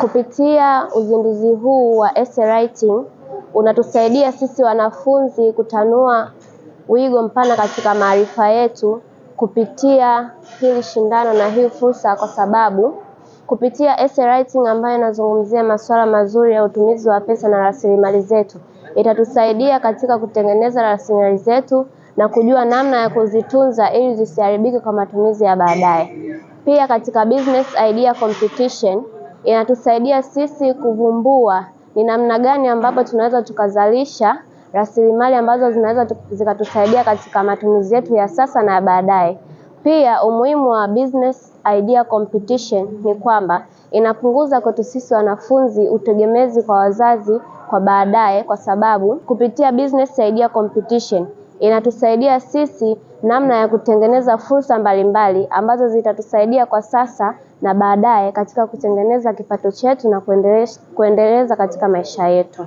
Kupitia uzinduzi huu wa essay writing unatusaidia sisi wanafunzi kutanua wigo mpana katika maarifa yetu kupitia hili shindano na hii fursa, kwa sababu kupitia essay writing ambayo inazungumzia masuala mazuri ya utumizi wa pesa na rasilimali zetu, itatusaidia katika kutengeneza rasilimali zetu na kujua namna ya kuzitunza ili zisiharibike kwa matumizi ya baadaye. Pia katika business idea competition inatusaidia sisi kuvumbua ni namna gani ambapo tunaweza tukazalisha rasilimali ambazo zinaweza zikatusaidia katika matumizi yetu ya sasa na ya baadaye. Pia umuhimu wa business idea competition ni kwamba inapunguza kwetu sisi wanafunzi utegemezi kwa wazazi kwa baadaye, kwa sababu kupitia business idea competition inatusaidia sisi namna ya kutengeneza fursa mbalimbali ambazo zitatusaidia kwa sasa na baadaye katika kutengeneza kipato chetu na kuendeleza katika maisha yetu.